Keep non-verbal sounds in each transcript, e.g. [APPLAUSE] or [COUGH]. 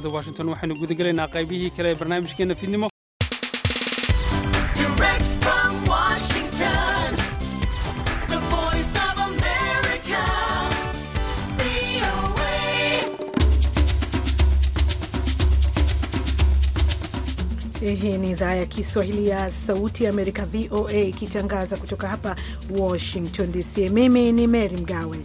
magaalada washington waxaynu gudagelaynaa qaybihii kale ee barnaamijkeena fiidnimo Hii ni idhaa ya Kiswahili ya Sauti ya Amerika, VOA, ikitangaza kutoka hapa Washington DC. Mimi ni Mary Mgawe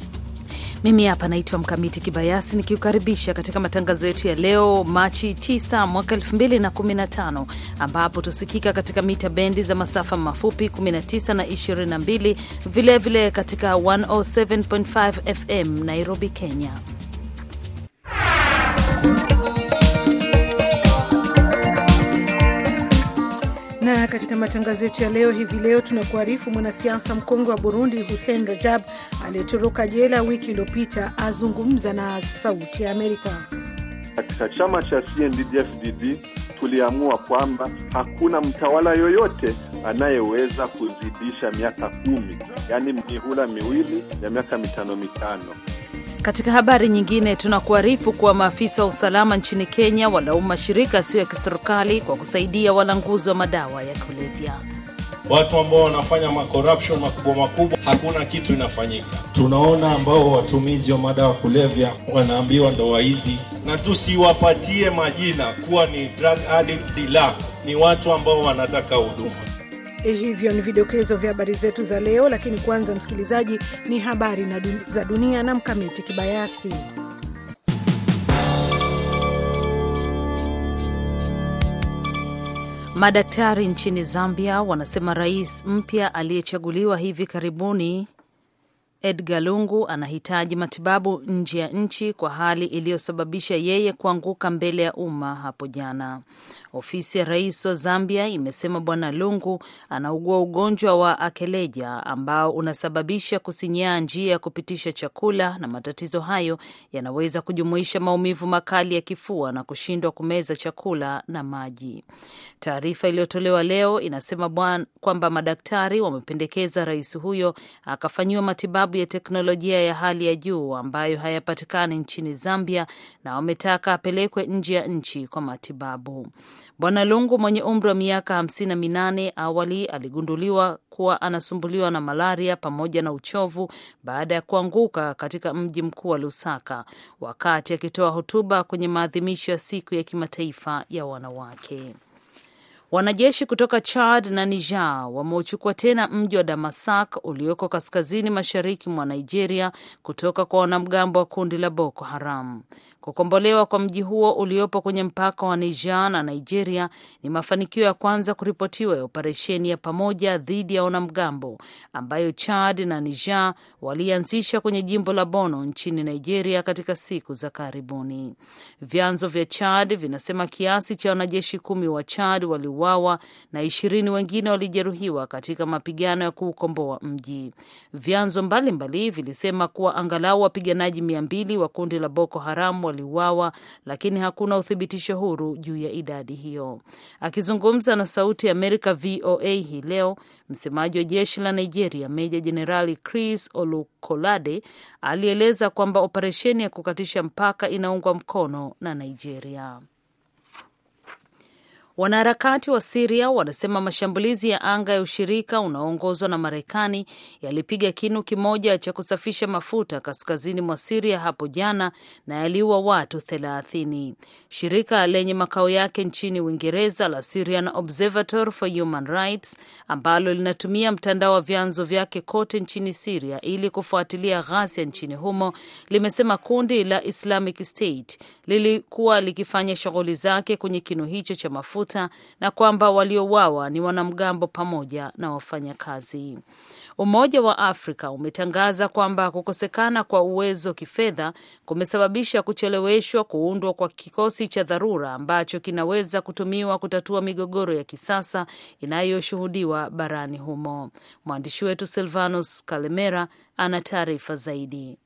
mimi hapa naitwa Mkamiti Kibayasi nikiukaribisha katika matangazo yetu ya leo Machi 9 mwaka 2015, ambapo tusikika katika mita bendi za masafa mafupi 19 na 22, vilevile vile katika 107.5 FM Nairobi, Kenya. Na katika matangazo yetu ya leo hivi leo tunakuarifu mwanasiasa mkongwe wa Burundi Hussein Rajab aliyetoroka jela wiki iliyopita azungumza na Sauti ya Amerika. Katika chama cha CNDD-FDD tuliamua kwamba hakuna mtawala yoyote anayeweza kuzidisha miaka kumi, yaani mihula miwili ya miaka mitano mitano. Katika habari nyingine, tunakuarifu kuwa maafisa wa usalama nchini Kenya walaumu mashirika yasiyo ya kiserikali kwa kusaidia walanguzi wa madawa ya kulevya. Watu ambao wanafanya makorapshon makubwa makubwa, hakuna kitu inafanyika. Tunaona ambao watumizi wa madawa kulevya wanaambiwa ndo waizi, na tusiwapatie majina kuwa ni drug addicts, ni watu ambao wanataka huduma hivyo ni vidokezo vya habari zetu za leo, lakini kwanza, msikilizaji, ni habari na dun za dunia na Mkamiti Kibayasi. Madaktari nchini Zambia wanasema rais mpya aliyechaguliwa hivi karibuni Edgar Lungu anahitaji matibabu nje ya nchi kwa hali iliyosababisha yeye kuanguka mbele ya umma hapo jana. Ofisi ya rais wa Zambia imesema Bwana Lungu anaugua ugonjwa wa akeleja ambao unasababisha kusinyaa njia ya kupitisha chakula, na matatizo hayo yanaweza kujumuisha maumivu makali ya kifua na kushindwa kumeza chakula na maji. Taarifa iliyotolewa leo inasema kwamba madaktari wamependekeza rais huyo akafanyiwa matibabu sababu ya teknolojia ya hali ya juu ambayo hayapatikani nchini Zambia, na wametaka apelekwe nje ya nchi kwa matibabu. Bwana Lungu mwenye umri wa miaka hamsini na minane awali aligunduliwa kuwa anasumbuliwa na malaria pamoja na uchovu baada ya kuanguka katika mji mkuu wa Lusaka wakati akitoa hotuba kwenye maadhimisho ya siku ya kimataifa ya wanawake. Wanajeshi kutoka Chad na Niger wameuchukua tena mji wa Damasak ulioko kaskazini mashariki mwa Nigeria kutoka kwa wanamgambo wa kundi la Boko Haram. Kukombolewa kwa mji huo uliopo kwenye mpaka wa Niger na Nigeria ni mafanikio ya kwanza kuripotiwa ya operesheni ya pamoja dhidi ya wanamgambo ambayo Chad na Niger walianzisha kwenye jimbo la bono nchini Nigeria katika siku za karibuni. Vyanzo vya Chad vinasema kiasi cha wanajeshi kumi wa Chad wali waliuawa na ishirini wengine walijeruhiwa katika mapigano ya kuukomboa mji. Vyanzo mbalimbali vilisema kuwa angalau wapiganaji mia mbili wa kundi la Boko Haram waliuawa, lakini hakuna uthibitisho huru juu ya idadi hiyo. Akizungumza na Sauti ya Amerika VOA hii leo, msemaji wa jeshi la Nigeria Meja Jenerali Chris Olukolade alieleza kwamba operesheni ya kukatisha mpaka inaungwa mkono na Nigeria. Wanaharakati wa Siria wanasema mashambulizi ya anga ya ushirika unaoongozwa na Marekani yalipiga kinu kimoja cha kusafisha mafuta kaskazini mwa Siria hapo jana na yaliua watu thelathini. Shirika lenye makao yake nchini Uingereza la Syrian Observatory for Human Rights, ambalo linatumia mtandao wa vyanzo vyake kote nchini Siria ili kufuatilia ghasia nchini humo, limesema kundi la Islamic State lilikuwa likifanya shughuli zake kwenye kinu hicho cha mafuta mafuta na kwamba waliouawa ni wanamgambo pamoja na wafanyakazi. Umoja wa Afrika umetangaza kwamba kukosekana kwa uwezo kifedha kumesababisha kucheleweshwa kuundwa kwa kikosi cha dharura ambacho kinaweza kutumiwa kutatua migogoro ya kisasa inayoshuhudiwa barani humo. Mwandishi wetu Silvanus Kalemera ana taarifa zaidi.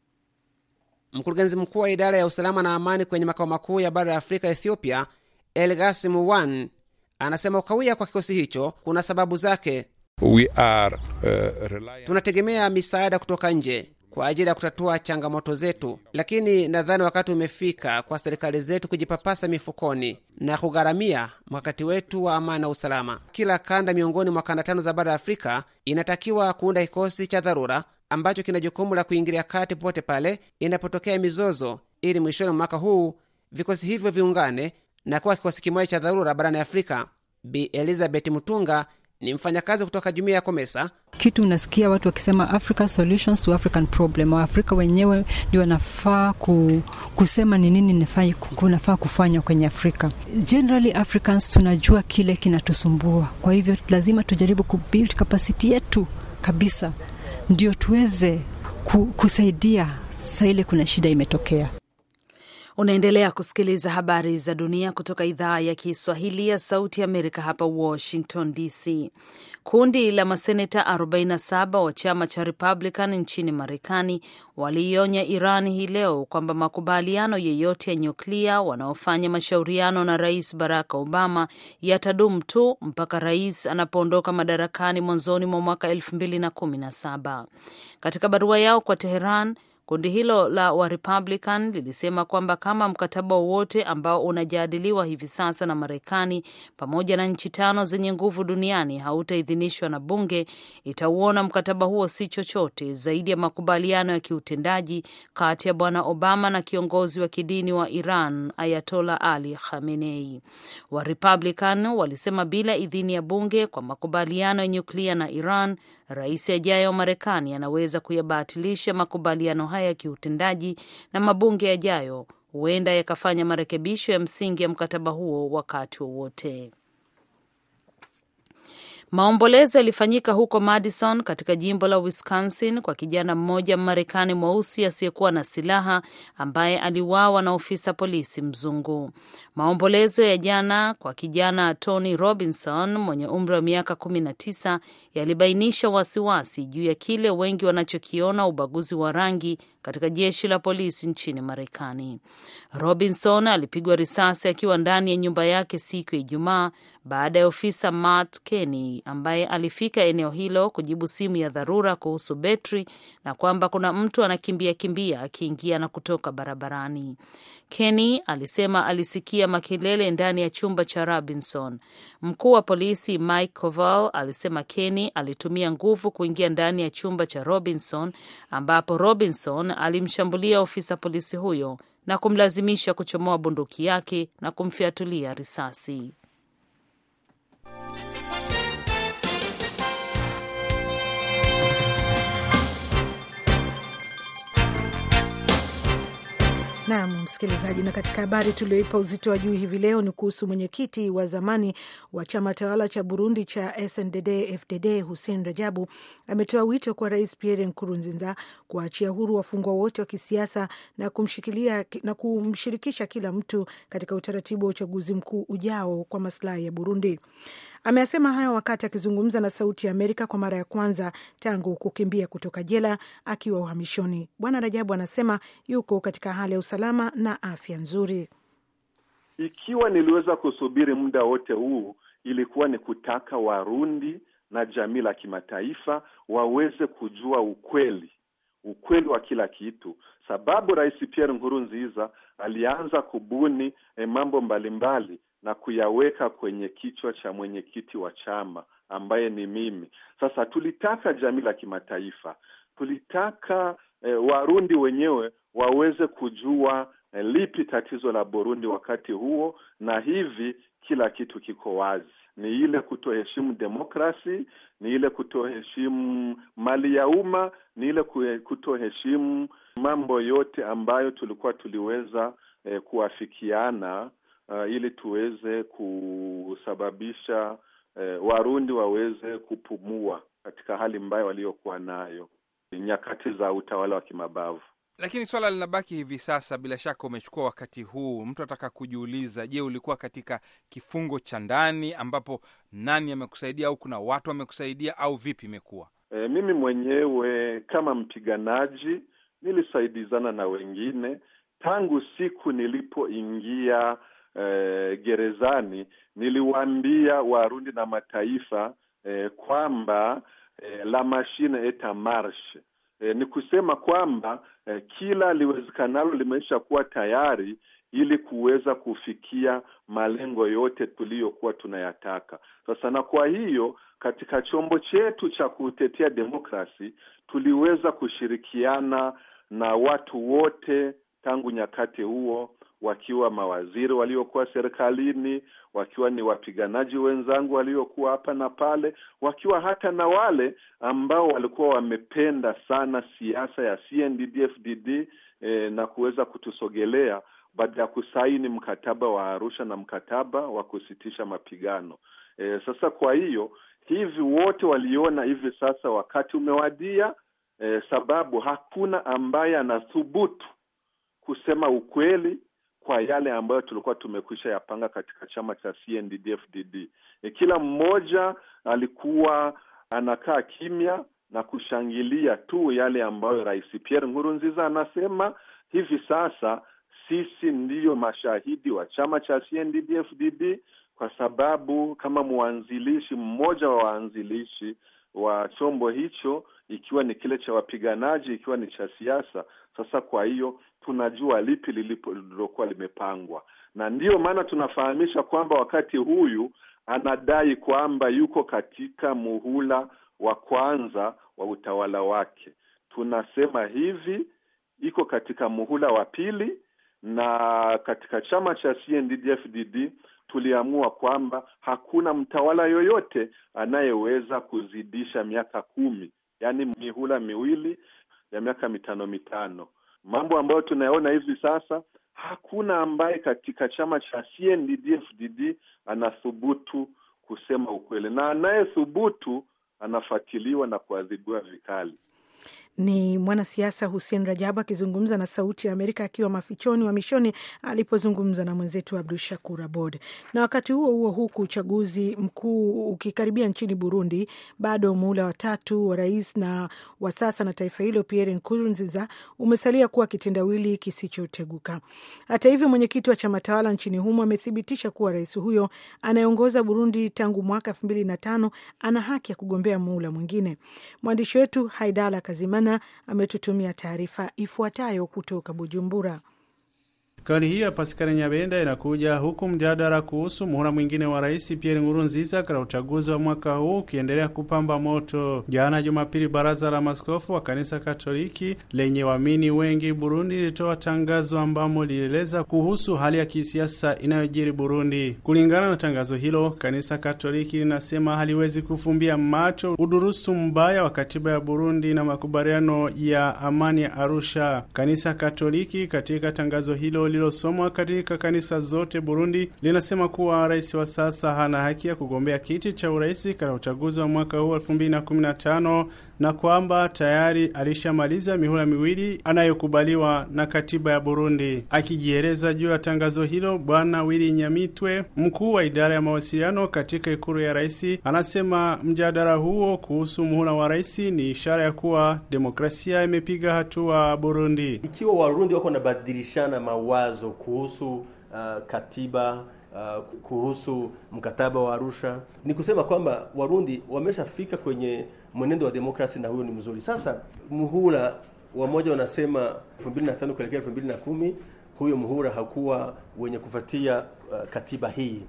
Mkurugenzi mkuu wa idara ya usalama na amani kwenye makao makuu ya bara ya Afrika, Ethiopia, El Gasim Wan anasema ukawia kwa kikosi hicho kuna sababu zake. We are, uh, reliant... tunategemea misaada kutoka nje kwa ajili ya kutatua changamoto zetu, lakini nadhani wakati umefika kwa serikali zetu kujipapasa mifukoni na kugharamia mkakati wetu wa amani na usalama. Kila kanda miongoni mwa kanda tano za bara la Afrika inatakiwa kuunda kikosi cha dharura ambacho kina jukumu la kuingilia kati popote pale inapotokea mizozo, ili mwishoni mwa mwaka huu vikosi hivyo viungane na kuwa kikosi kimoja cha dharura barani Afrika. Bi Elizabeth Mutunga ni mfanyakazi kutoka jumuiya ya Komesa. Kitu unasikia watu wakisema Africa solutions to African problem, Waafrika wenyewe ndio wanafaa ku, kusema ni nini kunafaa kufanywa kwenye Afrika. Generally Africans tunajua kile kinatusumbua, kwa hivyo lazima tujaribu kubuild kapasiti yetu kabisa, ndio tuweze kusaidia saa ile kuna shida imetokea. Unaendelea kusikiliza habari za dunia kutoka idhaa ya Kiswahili ya Sauti Amerika hapa Washington DC. Kundi la maseneta 47 wa chama cha Republican nchini Marekani waliionya Iran hii leo kwamba makubaliano yeyote ya nyuklia wanaofanya mashauriano na Rais Barack Obama yatadumu tu mpaka rais anapoondoka madarakani mwanzoni mwa mwaka 2017. Katika barua yao kwa Teheran, Kundi hilo la Warepublican lilisema kwamba kama mkataba wowote ambao unajadiliwa hivi sasa na Marekani pamoja na nchi tano zenye nguvu duniani hautaidhinishwa na bunge, itauona mkataba huo si chochote zaidi ya makubaliano ya kiutendaji kati ya Bwana Obama na kiongozi wa kidini wa Iran Ayatola Ali Khamenei. Warepublican walisema bila idhini ya bunge kwa makubaliano ya nyuklia na Iran Rais ajaye wa Marekani anaweza kuyabatilisha makubaliano haya ya kiutendaji na mabunge yajayo huenda yakafanya marekebisho ya msingi ya mkataba huo wakati wowote. Maombolezo yalifanyika huko Madison katika jimbo la Wisconsin kwa kijana mmoja marekani mweusi asiyekuwa na silaha ambaye aliuawa na ofisa polisi mzungu. Maombolezo ya jana kwa kijana Tony Robinson mwenye umri wa miaka 19 yalibainisha wasiwasi juu ya kile wengi wanachokiona ubaguzi wa rangi katika jeshi la polisi nchini Marekani. Robinson alipigwa risasi akiwa ndani ya nyumba yake siku ya Ijumaa baada ya ofisa Matt Kenny ambaye alifika eneo hilo kujibu simu ya dharura kuhusu betri na kwamba kuna mtu anakimbia kimbia akiingia na kutoka barabarani. Kenny alisema alisikia makelele ndani ya chumba cha Robinson. Mkuu wa polisi Mike Koval alisema Kenny alitumia nguvu kuingia ndani ya chumba cha Robinson ambapo Robinson alimshambulia ofisa polisi huyo na kumlazimisha kuchomoa bunduki yake na kumfiatulia risasi. Naam msikilizaji, na katika habari tulioipa uzito wa juu hivi leo ni kuhusu mwenyekiti wa zamani wa chama tawala cha Burundi cha SNDD FDD Hussein Rajabu ametoa wito kwa Rais Pierre Nkurunziza kuachia huru wafungwa wote wa kisiasa na kumshikilia na kumshirikisha kila mtu katika utaratibu wa uchaguzi mkuu ujao kwa masilahi ya Burundi. Ameyasema hayo wakati akizungumza na Sauti ya Amerika kwa mara ya kwanza tangu kukimbia kutoka jela akiwa uhamishoni. Bwana Rajabu anasema yuko katika hali ya usalama na afya nzuri. Ikiwa niliweza kusubiri muda wote huu, ilikuwa ni kutaka Warundi na jamii la kimataifa waweze kujua ukweli, ukweli wa kila kitu, sababu Rais Pierre Nkurunziza alianza kubuni eh, mambo mbalimbali na kuyaweka kwenye kichwa cha mwenyekiti wa chama ambaye ni mimi. Sasa tulitaka jamii la kimataifa, tulitaka eh, Warundi wenyewe waweze kujua eh, lipi tatizo la Burundi wakati huo, na hivi kila kitu kiko wazi. Ni ile kutoheshimu demokrasi, ni ile kutoheshimu mali ya umma, ni ile eh, kutoheshimu mambo yote ambayo tulikuwa tuliweza eh, kuafikiana uh, ili tuweze kusababisha uh, Warundi waweze kupumua katika hali mbaya waliokuwa nayo nyakati za utawala wa kimabavu. Lakini swala linabaki hivi sasa. Bila shaka umechukua wakati huu, mtu ataka kujiuliza, je, ulikuwa katika kifungo cha ndani ambapo nani amekusaidia au kuna watu wamekusaidia au vipi imekuwa? E, mimi mwenyewe kama mpiganaji nilisaidizana na wengine tangu siku nilipoingia eh, gerezani, niliwaambia Warundi na mataifa eh, kwamba eh, la mashine etamarshe eh, ni kusema kwamba eh, kila liwezekanalo limeisha kuwa tayari ili kuweza kufikia malengo yote tuliyokuwa tunayataka sasa. Na kwa hiyo katika chombo chetu cha kutetea demokrasi tuliweza kushirikiana na watu wote tangu nyakati huo wakiwa mawaziri waliokuwa serikalini, wakiwa ni wapiganaji wenzangu waliokuwa hapa na pale, wakiwa hata na wale ambao walikuwa wamependa sana siasa ya CNDD-FDD eh, na kuweza kutusogelea baada ya kusaini mkataba wa Arusha na mkataba wa kusitisha mapigano. e, sasa kwa hiyo hivi wote waliona hivi sasa wakati umewadia, eh, sababu hakuna ambaye anathubutu kusema ukweli kwa yale ambayo tulikuwa tumekwisha yapanga katika chama cha CNDD-FDD. E, kila mmoja alikuwa anakaa kimya na kushangilia tu yale ambayo Rais Pierre Nkurunziza anasema. Hivi sasa sisi ndiyo mashahidi wa chama cha CNDD-FDD kwa sababu kama mwanzilishi mmoja wa waanzilishi wa chombo hicho ikiwa ni kile cha wapiganaji, ikiwa ni cha siasa. Sasa kwa hiyo tunajua lipi lilipo lililokuwa limepangwa, na ndiyo maana tunafahamisha kwamba wakati huyu anadai kwamba yuko katika muhula wa kwanza wa utawala wake, tunasema hivi, iko katika muhula wa pili, na katika chama cha CNDD-FDD tuliamua kwamba hakuna mtawala yoyote anayeweza kuzidisha miaka kumi, yaani mihula miwili ya miaka mitano mitano mambo ambayo tunayaona hivi sasa, hakuna ambaye katika chama cha CNDD-FDD anathubutu kusema ukweli, na anayethubutu anafuatiliwa na kuadhibiwa vikali. Ni mwanasiasa Hussein Rajabu akizungumza na Sauti ya Amerika akiwa mafichoni wa mishoni alipozungumza na mwenzetu Abdu Shakur Abod. Na wakati huo huo, huku uchaguzi mkuu ukikaribia nchini Burundi, bado muhula watatu wa rais na wa sasa na taifa hilo Pierre Nkurunziza umesalia kuwa kitendawili kisichoteguka. Hata hivyo, mwenyekiti wa chama tawala nchini humo amethibitisha kuwa rais huyo anayeongoza Burundi tangu mwaka elfu mbili na tano ana haki ya kugombea muhula mwingine. Mwandishi wetu Haidala Kazimana ametutumia taarifa ifuatayo kutoka Bujumbura. Kauli hiyo ya Paskari Nyabenda inakuja huku mjadala kuhusu muhula mwingine wa Rais Pierre Nkurunziza katika uchaguzi wa mwaka huu ukiendelea kupamba moto. Jana Jumapili, baraza la maskofu wa kanisa Katoliki lenye waamini wengi Burundi lilitoa tangazo ambamo lilieleza kuhusu hali ya kisiasa inayojiri Burundi. Kulingana na tangazo hilo, kanisa Katoliki linasema haliwezi kufumbia macho udurusu mbaya wa katiba ya Burundi na makubaliano ya amani ya Arusha. Kanisa Katoliki katika tangazo hilo lililosomwa katika kanisa zote Burundi linasema kuwa rais wa sasa hana haki ya kugombea kiti cha urais katika uchaguzi wa mwaka huu 215 na kwamba tayari alishamaliza mihula miwili anayokubaliwa na katiba ya Burundi. Akijieleza juu ya tangazo hilo, Bwana Willy Nyamitwe, mkuu wa idara ya mawasiliano katika ikulu ya rais, anasema mjadala huo kuhusu muhula wa rais ni ishara ya kuwa demokrasia imepiga hatua Burundi. Ikiwa Warundi wako wanabadilishana mawazo kuhusu uh, katiba Uh, kuhusu mkataba wa Arusha ni kusema kwamba Warundi wameshafika kwenye mwenendo wa demokrasi na huyo ni mzuri. Sasa muhula wamoja wanasema 2005 kuelekea 2010 huyo muhula hakuwa wenye kufuatia uh, katiba hii.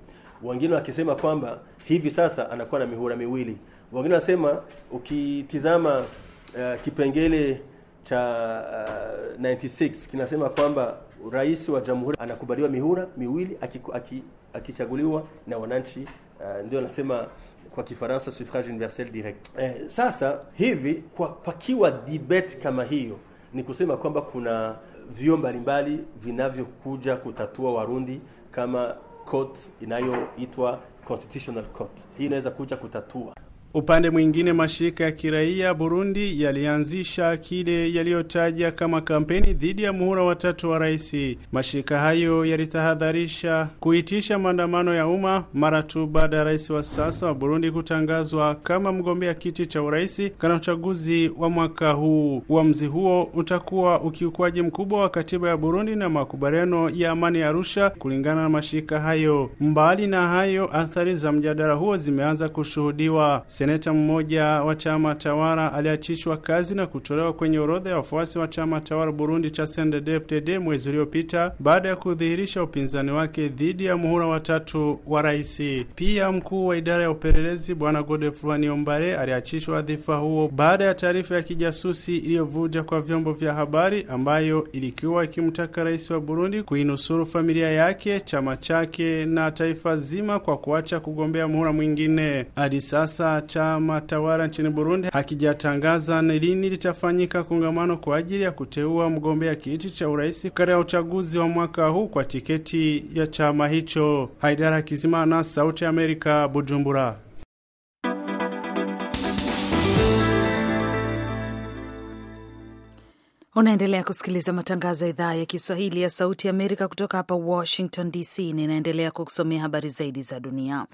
Wengine wakisema kwamba hivi sasa anakuwa na mihula miwili. Wengine wanasema ukitizama uh, kipengele cha uh, 96 kinasema kwamba rais wa jamhuri anakubaliwa mihula miwili akichaguliwa aki, aki na wananchi uh, ndio anasema kwa Kifaransa suffrage universel direct. Eh, sasa hivi kwa pakiwa debate kama hiyo, ni kusema kwamba kuna vyo mbalimbali vinavyokuja kutatua Warundi kama court inayoitwa Constitutional Court. Hii inaweza kuja kutatua Upande mwingine mashirika ya kiraia Burundi yalianzisha kile yaliyotaja kama kampeni dhidi ya muhula watatu wa rais. Mashirika hayo yalitahadharisha kuitisha maandamano ya umma mara tu baada ya rais wa sasa wa Burundi kutangazwa kama mgombea kiti cha urais kana uchaguzi wa mwaka huu. Uamuzi huo utakuwa ukiukwaji mkubwa wa katiba ya Burundi na makubaliano ya amani ya Arusha, kulingana na mashirika hayo. Mbali na hayo, athari za mjadala huo zimeanza kushuhudiwa seneta mmoja wa chama tawala aliachishwa kazi na kutolewa kwenye orodha ya wafuasi wa chama tawala Burundi cha CNDD-FDD mwezi uliopita baada ya kudhihirisha upinzani wake dhidi ya muhula watatu wa rais. Pia mkuu wa idara ya upelelezi bwana Godefroid aliachishwa wadhifa huo baada ya taarifa ya kijasusi iliyovuja kwa vyombo vya habari ambayo ilikuwa ikimtaka rais wa Burundi kuinusuru familia yake, chama chake na taifa zima kwa kuacha kugombea muhula mwingine. Hadi sasa chama tawara nchini Burundi hakijatangaza ni lini litafanyika kongamano kwa ajili ya kuteua mgombea kiti cha urais katika uchaguzi wa mwaka huu kwa tiketi ya chama hicho. Haidara Kizimana, Sauti ya Amerika, Bujumbura. Unaendelea kusikiliza matangazo ya idhaa ya Kiswahili ya Sauti ya Amerika kutoka hapa Washington DC. Ninaendelea kukusomea habari zaidi za dunia.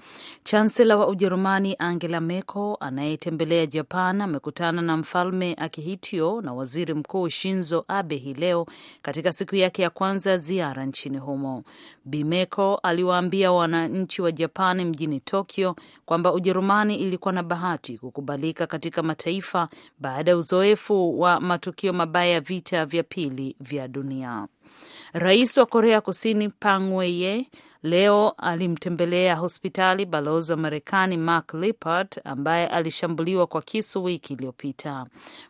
Chansela wa Ujerumani Angela Merkel anayetembelea Japan amekutana na Mfalme Akihitio na Waziri Mkuu Shinzo Abe hii leo katika siku yake ya kwanza ya ziara nchini humo. Bi Merkel aliwaambia wananchi wa Japan mjini Tokyo kwamba Ujerumani ilikuwa na bahati kukubalika katika mataifa baada ya uzoefu wa matukio mabaya ya vita vya pili vya dunia. Rais wa Korea Kusini pangweye leo alimtembelea hospitali balozi wa Marekani Mark Lippert ambaye alishambuliwa kwa kisu wiki iliyopita.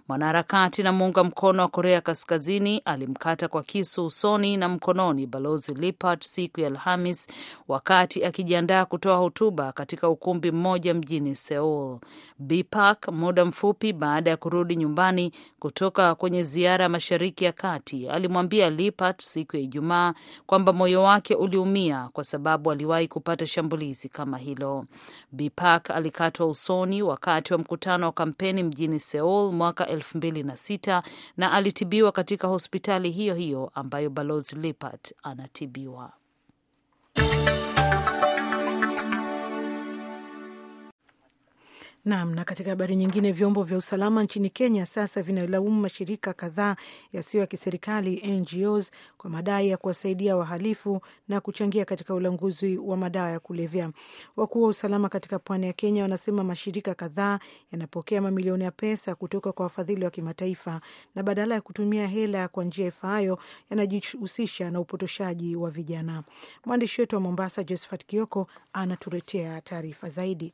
Mwanaharakati na muunga mkono wa Korea Kaskazini alimkata kwa kisu usoni na mkononi balozi Lippert siku ya Alhamis wakati akijiandaa kutoa hotuba katika ukumbi mmoja mjini Seoul. Bipak muda mfupi baada ya kurudi nyumbani kutoka kwenye ziara ya Mashariki ya Kati alimwambia Lippert siku ya Ijumaa kwamba moyo wake uliumia kwa sababu aliwahi kupata shambulizi kama hilo. Bi Park alikatwa usoni wakati wa mkutano wa kampeni mjini Seoul mwaka elfu mbili na sita na alitibiwa katika hospitali hiyo hiyo ambayo Balozi Lipart anatibiwa. Naam. Na katika habari nyingine, vyombo vya usalama nchini Kenya sasa vinalaumu mashirika kadhaa yasiyo ya kiserikali NGOs kwa madai ya kuwasaidia wahalifu na kuchangia katika ulanguzi wa madawa ya kulevya. Wakuu wa usalama katika pwani ya Kenya wanasema mashirika kadhaa yanapokea mamilioni ya pesa kutoka kwa wafadhili wa kimataifa na badala ya kutumia hela kwa njia ifaayo yanajihusisha na upotoshaji wa vijana. Mwandishi wetu wa Mombasa, Josephat Kioko, anatuletea taarifa zaidi.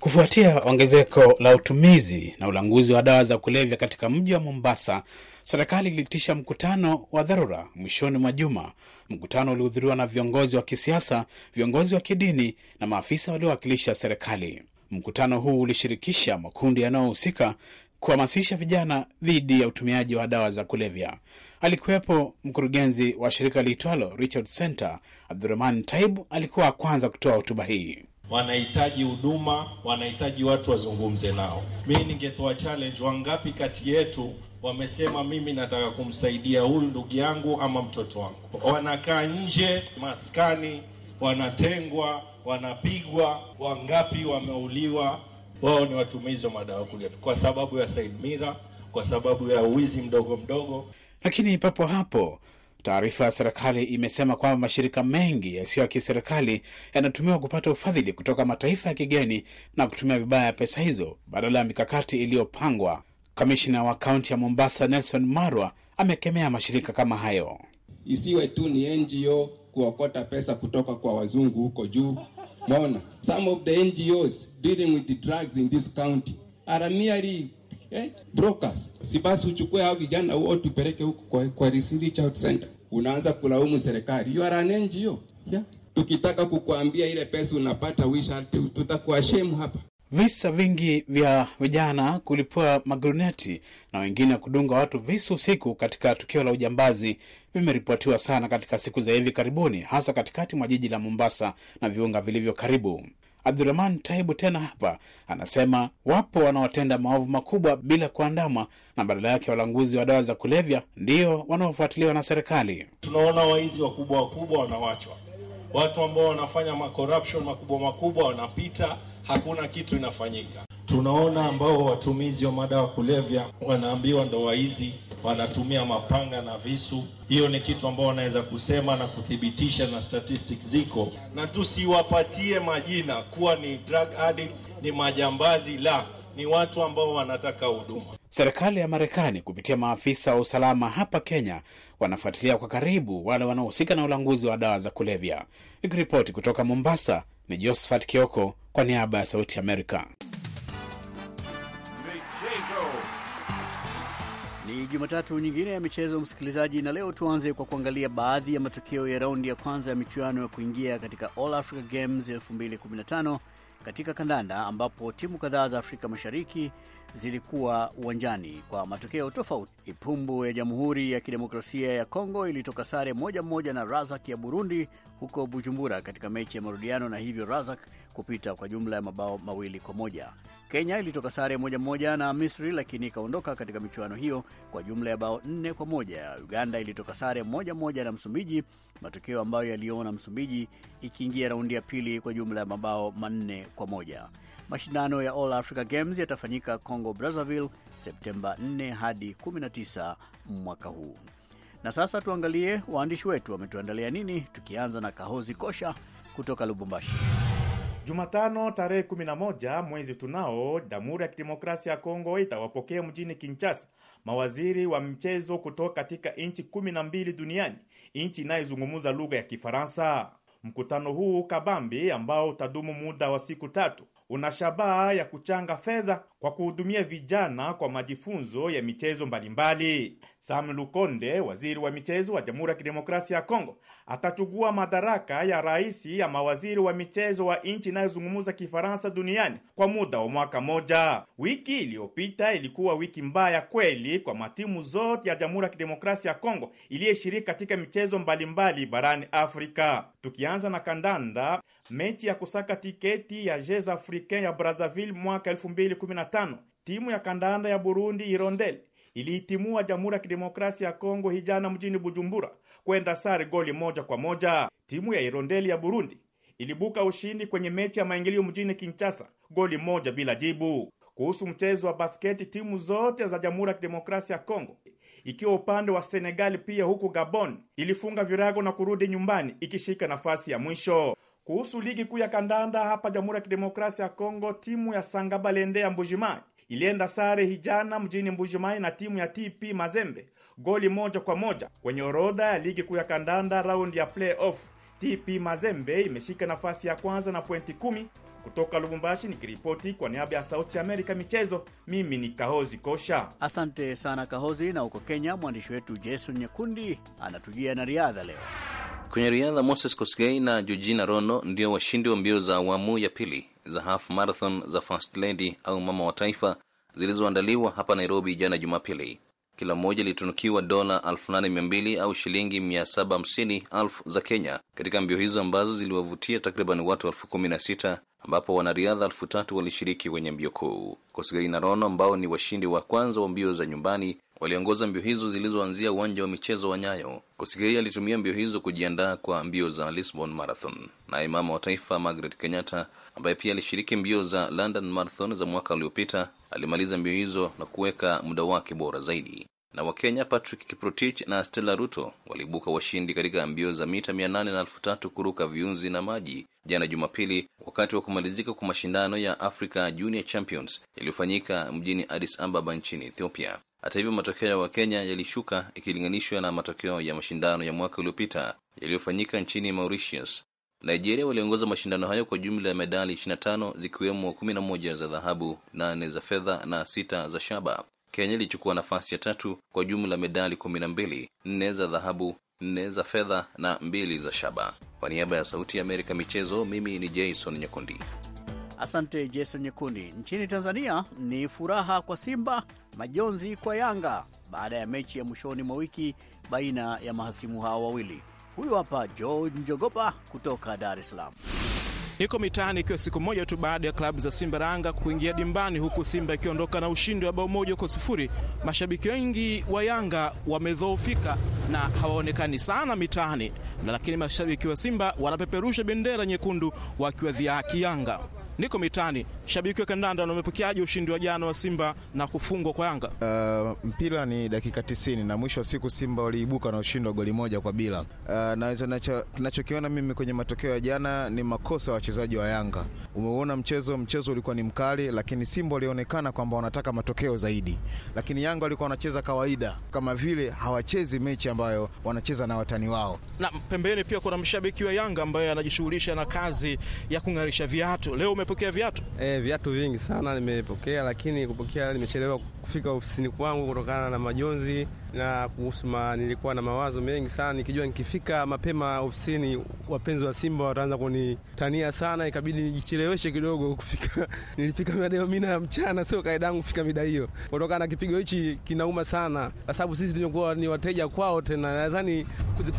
Kufuatia ongezeko la utumizi na ulanguzi wa dawa za kulevya katika mji wa Mombasa, serikali iliitisha mkutano wa dharura mwishoni mwa juma. Mkutano ulihudhuriwa na viongozi wa kisiasa, viongozi wa kidini na maafisa waliowakilisha serikali. Mkutano huu ulishirikisha makundi yanayohusika kuhamasisha vijana dhidi ya utumiaji wa dawa za kulevya. Alikuwepo mkurugenzi wa shirika liitwalo Richard Center, Abdurahman Taib, alikuwa kwanza kutoa hotuba hii wanahitaji huduma, wanahitaji watu wazungumze nao. Mimi ningetoa challenge, wangapi kati yetu wamesema mimi nataka kumsaidia huyu ndugu yangu ama mtoto wangu? Wanakaa nje maskani, wanatengwa, wanapigwa. Wangapi wameuliwa? Wao ni watumizi wa madawa kulevya kwa sababu ya Said kwa sababu ya uwizi mdogo mdogo. Lakini papo hapo Taarifa ya serikali imesema kwamba mashirika mengi yasiyo ya kiserikali yanatumiwa kupata ufadhili kutoka mataifa ya kigeni na kutumia vibaya pesa hizo badala ya mikakati iliyopangwa. Kamishina wa kaunti ya Mombasa Nelson Marwa amekemea mashirika kama hayo. Isiwe tu ni NGO kuokota pesa kutoka kwa wazungu huko juu. Mona, some of the NGOs dealing with the drugs in this county are merely eh? Brokers. Si basi uchukue hao vijana wote upeleke huko kwa, kwa Risili Child Center. Unaanza kulaumu serikali. You are an NGO. Yeah. Tukitaka kukuambia ile pesa unapata tutakuwa shame hapa. Visa vingi vya vijana kulipua maguruneti na wengine kudunga watu visu usiku katika tukio la ujambazi vimeripotiwa sana katika siku za hivi karibuni, hasa katikati mwa jiji la Mombasa na viunga vilivyo karibu. Abdurahman Taibu tena hapa anasema wapo wanaotenda maovu makubwa bila kuandamwa, na badala yake walanguzi wa dawa za kulevya ndio wanaofuatiliwa na serikali. Tunaona waizi wakubwa wakubwa wanawachwa, watu ambao wanafanya macorruption makubwa makubwa wanapita, hakuna kitu inafanyika. Tunaona ambao watumizi wa madawa kulevya wanaambiwa ndo waizi wanatumia mapanga na visu. Hiyo ni kitu ambao wanaweza kusema na kuthibitisha, na statistics ziko, na tusiwapatie majina kuwa ni drug addicts, ni majambazi, la, ni watu ambao wanataka huduma. Serikali ya Marekani kupitia maafisa wa usalama hapa Kenya wanafuatilia kwa karibu wale wanaohusika na ulanguzi wa dawa za kulevya. Nikiripoti kutoka Mombasa ni Josephat Kioko kwa niaba ya Sauti Amerika. Ni Jumatatu nyingine ya michezo, msikilizaji, na leo tuanze kwa kuangalia baadhi ya matokeo ya raundi ya kwanza ya michuano ya kuingia katika All Africa Games 2015 katika kandanda, ambapo timu kadhaa za Afrika Mashariki zilikuwa uwanjani kwa matokeo tofauti. Ipumbu ya Jamhuri ya Kidemokrasia ya Kongo ilitoka sare moja moja na Razak ya Burundi huko Bujumbura katika mechi ya marudiano, na hivyo Razak kupita kwa jumla ya mabao mawili kwa moja. Kenya ilitoka sare moja moja na Misri, lakini ikaondoka katika michuano hiyo kwa jumla ya bao nne kwa moja. Uganda ilitoka sare moja moja na Msumbiji, matokeo ambayo yaliona Msumbiji ikiingia raundi ya pili kwa jumla ya mabao manne kwa moja. Mashindano ya All Africa Games yatafanyika Congo Brazzaville Septemba 4 hadi 19 mwaka huu. Na sasa tuangalie waandishi wetu wametuandalia nini, tukianza na Kahozi Kosha kutoka Lubumbashi. Jumatano tarehe 11 mwezi tunao, Jamhuri ya Kidemokrasia ya Kongo itawapokea mjini Kinshasa mawaziri wa mchezo kutoka katika nchi 12 duniani, nchi inayozungumza lugha ya Kifaransa. Mkutano huu kabambi ambao utadumu muda wa siku tatu una shabaha ya kuchanga fedha kwa kuhudumia vijana kwa majifunzo ya michezo mbalimbali. Sam Lukonde, waziri wa michezo wa Jamhuri ya Kidemokrasia ya Kongo, atachukua madaraka ya rais ya mawaziri wa michezo wa nchi inayozungumza Kifaransa duniani kwa muda wa mwaka moja. Wiki iliyopita ilikuwa wiki mbaya kweli kwa matimu zote ya Jamhuri ya Kidemokrasia ya Kongo iliyeshiriki katika michezo mbalimbali barani Afrika. Tukianza na kandanda, mechi ya kusaka tiketi ya Jeux Africain ya Brazzaville mwaka tano timu ya kandanda ya Burundi Irondeli iliitimua Jamhuri ya Kidemokrasia ya Kongo hijana mjini Bujumbura kwenda sare goli moja kwa moja. Timu ya Irondeli ya Burundi ilibuka ushindi kwenye mechi ya maingilio mjini Kinshasa goli moja bila jibu. Kuhusu mchezo wa basketi, timu zote za Jamhuri ya Kidemokrasia ya Kongo ikiwa upande wa Senegali pia, huku Gabon ilifunga virago na kurudi nyumbani ikishika nafasi ya mwisho. Kuhusu ligi kuu ya kandanda hapa Jamhuri ya Kidemokrasia ya Kongo, timu ya Sangabalende ya Mbujimai ilienda sare hijana mjini Mbujimai na timu ya TP Mazembe goli moja kwa moja kwenye orodha ya ligi kuu ya kandanda raundi ya playoff. TP Mazembe imeshika nafasi ya kwanza na pointi kumi. Kutoka Lubumbashi nikiripoti kwa niaba ya Sauti ya Amerika michezo, mimi ni Kahozi Kosha. Asante sana Kahozi. Na huko Kenya, mwandishi wetu Jason nyekundi anatujia na riadha leo. Kwenye riadha, Moses Kosgei na Georgina Rono ndio washindi wa mbio za awamu ya pili za half marathon za First Lady au mama wa taifa zilizoandaliwa hapa Nairobi jana Jumapili. Kila mmoja ilitunukiwa dola 8200 au shilingi 750,000 za Kenya katika mbio hizo ambazo ziliwavutia takriban watu 16,000 ambapo wanariadha 3,000 walishiriki kwenye mbio kuu. Kosgei na Rono ambao ni washindi wa kwanza wa mbio za nyumbani waliongoza mbio hizo zilizoanzia uwanja wa michezo wa Nyayo. Koskei alitumia mbio hizo kujiandaa kwa mbio za Lisbon Marathon. Naye mama wa taifa Margaret Kenyatta, ambaye pia alishiriki mbio za London Marathon za mwaka uliopita, alimaliza mbio hizo na kuweka muda wake bora zaidi. Na Wakenya Patrick Kiprotich na Stella Ruto waliibuka washindi katika mbio za mita 800 na kuruka viunzi na maji jana Jumapili, wakati wa kumalizika kwa mashindano ya Africa Junior Champions yaliyofanyika mjini Addis Ababa nchini Ethiopia. Hata hivyo, matokeo ya Kenya yalishuka ikilinganishwa na matokeo ya mashindano ya mwaka uliopita yaliyofanyika nchini Mauritius. Nigeria waliongoza mashindano hayo kwa jumla ya medali 25 zikiwemo 11 za dhahabu, 8 za fedha na sita za shaba. Kenya ilichukua nafasi ya tatu kwa jumla ya medali 12, 4 za dhahabu, 4 za fedha na mbili za shaba. Kwa niaba ya Sauti ya Amerika michezo, mimi ni Jason Nyakundi. Asante Jason Nyakundi. Nchini Tanzania ni furaha kwa Simba majonzi kwa Yanga baada ya mechi ya mwishoni mwa wiki baina ya mahasimu hao wawili. Huyu hapa George Njogopa kutoka Dar es Salaam. Niko mitaani ikiwa siku moja tu baada ya klabu za Simba na Yanga kuingia dimbani, huku Simba ikiondoka na ushindi wa bao moja kwa sufuri Mashabiki wengi wa Yanga wamedhoofika na hawaonekani sana mitaani, lakini mashabiki wa Simba wanapeperusha bendera nyekundu wakiwa dhihaki Yanga. Niko mitaani, shabiki wa kandanda, na ushindi wa jana wa Simba na kufungwa kwa Yanga? Uh, mpira ni dakika tisini na mwisho wa siku Simba waliibuka na ushindi wa goli moja kwa bila. Uh, na tunachokiona mimi kwenye matokeo ya jana ni makosa ya wachezaji wa Yanga. Umeuona mchezo, mchezo ulikuwa ni mkali, lakini Simba walionekana kwamba wanataka matokeo zaidi, lakini Yanga walikuwa wanacheza kawaida kama vile hawachezi mechi ambayo wanacheza na watani wao. Na pembeni pia kuna mshabiki wa Yanga ambaye anajishughulisha na kazi ya kung'arisha viatu. Leo umepokea viatu? E, viatu vingi sana nimepokea, lakini kupokea nimechelewa kufika ofisini kwangu kutokana na majonzi na kuhusu ma, nilikuwa na mawazo mengi sana, nikijua nikifika mapema ofisini wapenzi wa Simba wataanza kunitania sana, ikabidi nijicheleweshe kidogo kufika. [LAUGHS] Nilifika mida ya mina ya mchana, sio kaida yangu kufika mida hiyo, kutokana na kipigo hichi kinauma sana, kwa sababu sisi tumekuwa ni wateja kwao. Tena nadhani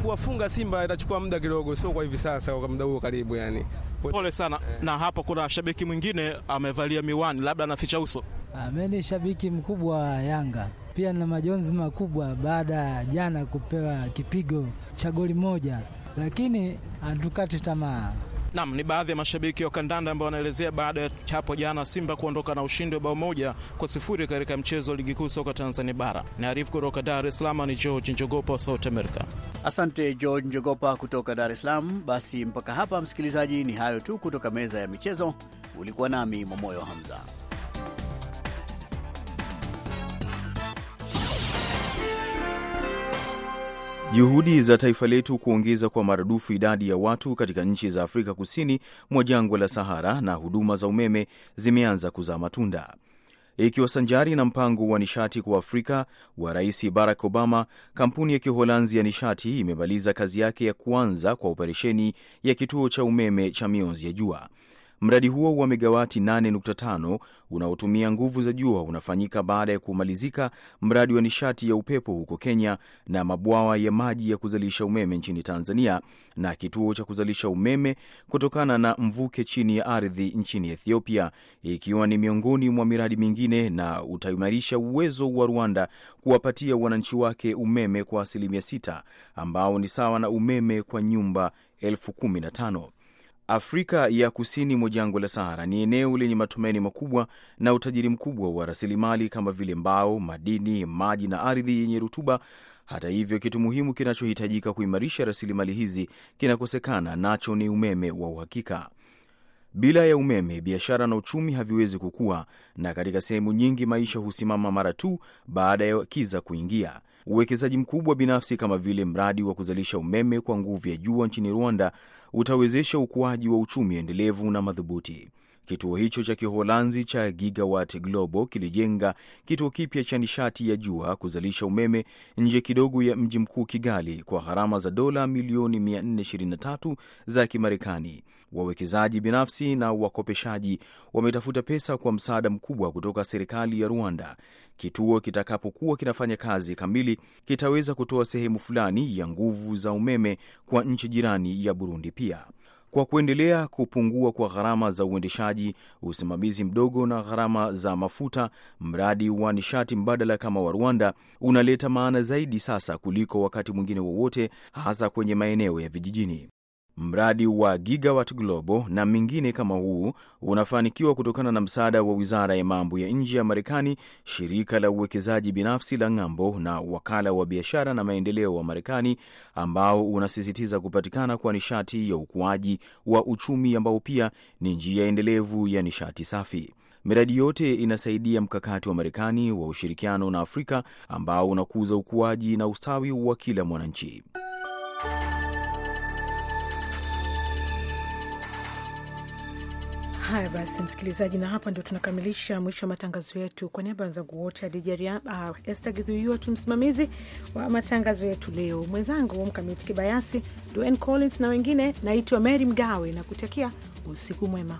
kuwafunga Simba itachukua muda kidogo, sio kwa hivi sasa, kwa muda huo karibu yani. Pole sana eh. Na hapo kuna shabiki mwingine amevalia miwani, labda anaficha uso mimi ni shabiki mkubwa wa Yanga, pia na majonzi makubwa baada ya jana kupewa kipigo cha goli moja, lakini hatukati tamaa. Nam ni baadhi ya mashabiki wa kandanda ambao wanaelezea baada ya hapo jana Simba kuondoka na ushindi wa bao moja kwa sifuri katika mchezo wa ligi kuu soka Tanzania Bara. Naarifu kutoka Dar es Salaam ni George Njogopa wa South America. Asante George Njogopa kutoka Dar es Salaam. Basi mpaka hapa, msikilizaji, ni hayo tu kutoka meza ya michezo. Ulikuwa nami Momoyo Hamza. Juhudi za taifa letu kuongeza kwa maradufu idadi ya watu katika nchi za Afrika kusini mwa jangwa la Sahara na huduma za umeme zimeanza kuzaa matunda, ikiwa sanjari na mpango wa nishati kwa Afrika wa Rais Barack Obama. Kampuni ya Kiholanzi ya nishati imemaliza kazi yake ya kuanza kwa operesheni ya kituo cha umeme cha mionzi ya jua Mradi huo wa megawati 8.5 unaotumia nguvu za jua unafanyika baada ya kumalizika mradi wa nishati ya upepo huko Kenya na mabwawa ya maji ya kuzalisha umeme nchini Tanzania na kituo cha kuzalisha umeme kutokana na mvuke chini ya ardhi nchini Ethiopia, ikiwa ni miongoni mwa miradi mingine, na utaimarisha uwezo wa Rwanda kuwapatia wananchi wake umeme kwa asilimia 6 ambao ni sawa na umeme kwa nyumba elfu kumi na tano. Afrika ya kusini mwa jangwa la Sahara ni eneo lenye matumaini makubwa na utajiri mkubwa wa rasilimali kama vile mbao, madini, maji na ardhi yenye rutuba. Hata hivyo, kitu muhimu kinachohitajika kuimarisha rasilimali hizi kinakosekana, nacho ni umeme wa uhakika. Bila ya umeme, biashara na uchumi haviwezi kukua, na katika sehemu nyingi maisha husimama mara tu baada ya kiza kuingia. Uwekezaji mkubwa binafsi kama vile mradi wa kuzalisha umeme kwa nguvu ya jua nchini Rwanda utawezesha ukuaji wa uchumi endelevu na madhubuti. Kituo hicho cha Kiholanzi cha gigawat globo kilijenga kituo kipya cha nishati ya jua kuzalisha umeme nje kidogo ya mji mkuu Kigali kwa gharama za dola milioni 423 za Kimarekani. Wawekezaji binafsi na wakopeshaji wametafuta pesa kwa msaada mkubwa kutoka serikali ya Rwanda. Kituo kitakapokuwa kinafanya kazi kamili, kitaweza kutoa sehemu fulani ya nguvu za umeme kwa nchi jirani ya Burundi pia. Kwa kuendelea kupungua kwa gharama za uendeshaji, usimamizi mdogo na gharama za mafuta, mradi wa nishati mbadala kama wa Rwanda unaleta maana zaidi sasa kuliko wakati mwingine wowote, hasa kwenye maeneo ya vijijini. Mradi wa Gigawatt Global na mingine kama huu unafanikiwa kutokana na msaada wa Wizara ya Mambo ya Nje ya Marekani, shirika la uwekezaji binafsi la ng'ambo na wakala wa biashara na maendeleo wa Marekani, ambao unasisitiza kupatikana kwa nishati ya ukuaji wa uchumi ambao pia ni njia endelevu ya nishati safi. Miradi yote inasaidia mkakati wa Marekani wa ushirikiano na Afrika ambao unakuza ukuaji na ustawi wa kila mwananchi. Haya basi, msikilizaji, na hapa ndio tunakamilisha mwisho wa matangazo yetu. Kwa niaba ya wenzangu wote, Adijaria uh, ah, Esther Githuiot msimamizi wa matangazo yetu leo, mwenzangu Mkamiti Kibayasi, Dwayne Collins na wengine, naitwa Mary Mgawe na kutakia usiku mwema.